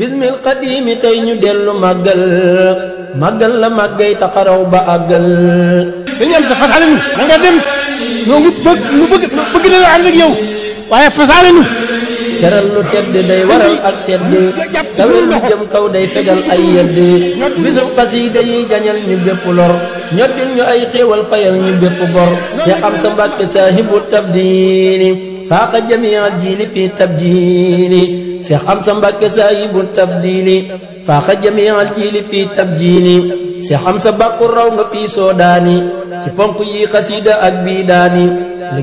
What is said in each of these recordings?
بسم القديم تي ني دلو ماغال ماغال لا ماغاي تقراو با اغال ني نم تفتح علينا نغا ديم نو بوك نو بوك نو بوك نو عندك يوم واي فسالني teral lu tedd day waral ak tedd tawel lu jëm kaw day fegal ay yedd bisu qasida yi jagnal ñu bepp lor ñoddil ñu ay xewal fayal ñu bepp bor Seex Amsa Mbàkke sahibu tafdiini faqa jamia jiili fi tabjiili Seex Amsa Mbàkke sahibu tafdiili faqa jamia jiili fi tabjiili Seex Amsa bàqu raw nga fi sodani ci fonku yi qasida ak bii daani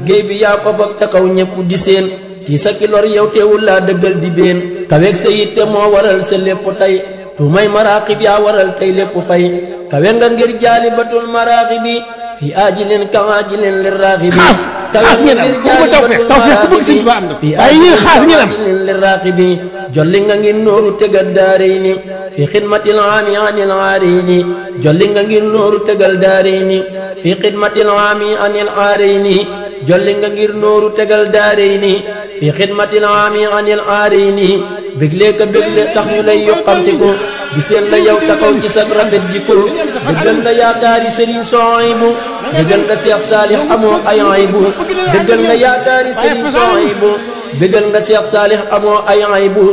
bi ya ko ca kaw ñepp di seen tiis ak lor yow teewul laa dëggal di been kaweeg sa yitte moo waral sa lépp tey tuumay maraaxib yaa waral tey lépp fay kawe nga ngir jaalibatul maraaxibi fi aajilin ka aajilin li raaxibi xaas ngeen am ku bëgg tawfeex tawfeex ku bëgg sëñ Tuubaa am na waaye yéen xaas ngeen am li raaxibi jolli nga ngir nooru tegal daarey ni fi xidmatil aami anil aarey ni jolli nga ngir nooru tegal daarey ni fi xidmatil aami anil aarey ni jolli nga ngir nooru tegal daarey ni fi xidmatil aami anil aarini béglee ka bégle tax ñu lay yoqamti ko giseen la yow ca kaw ci sa rafet jikko dëggal nga yaakaari sëriñ Sohaybu dëggal nga Seex Saalix amoo ay aybu dëggal nga yaakaari sëriñ Sohaybu dëggal nga Seex Saalix amoo ay aybu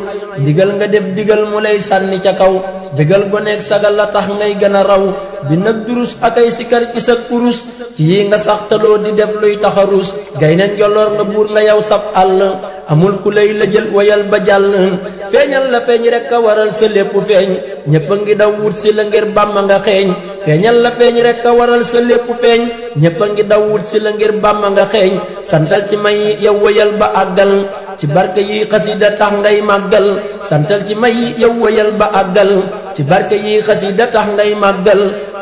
ndigal nga def digal mu lay sànni ca kaw dëggal goneeg la tax ngay gën a raw di nag durus akay sikar ci sa kurus ci yi nga saxtaloo di def luy taxarus gayndeen yoloor nga buur la yow sab àll amul ku lay la jël wayal ba jàll feeñal la feeñ rek a waral sa lépp feeñ ñëpp a ngi daw wut si la ngir bàmba nga xeeñ feeñal la feeñ rek a waral sa lépp feeñ ñëpp a ngi daw wut si la ngir bàmba nga xeeñ santal ci may yow wayal ba àggal ci barke yi xasida tax ngay màggal santal ci may yow wayal ba àggal ci barke yi xasida tax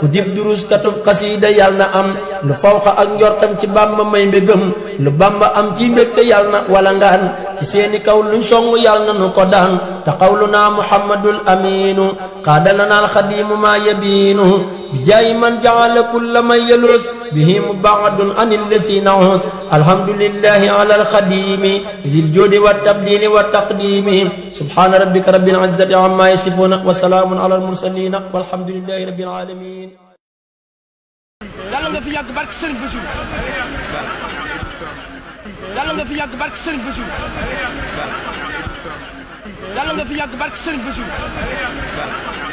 ku dib durus katub xasiida yal na am lu fawxa ak njortam ci bàmba may mbégam lu bàmba am ci mbégte yal na wala ngaan ci seeni kaw luñ song yàlla nanu ko daan te qawluna muhammadul aminu qaadalana alxadimu ma yabinu bi jaayi man jaala kulla man yalus bihi mubaadun an illasi naus alhamdulillahi ala alxadimi dil judi wa tabdili wa taqdimi subhana rabbika rabbil izzati amma yasifuna wa salaamun ala almursalina walhamdulillahi rabbil alamin yàlla nga fi yàgg barke sëriñ Bassirou yàlla nga fi yàgg barke Serigne Bassirou yàlla nga fi yàgg barke Serigne Bassirou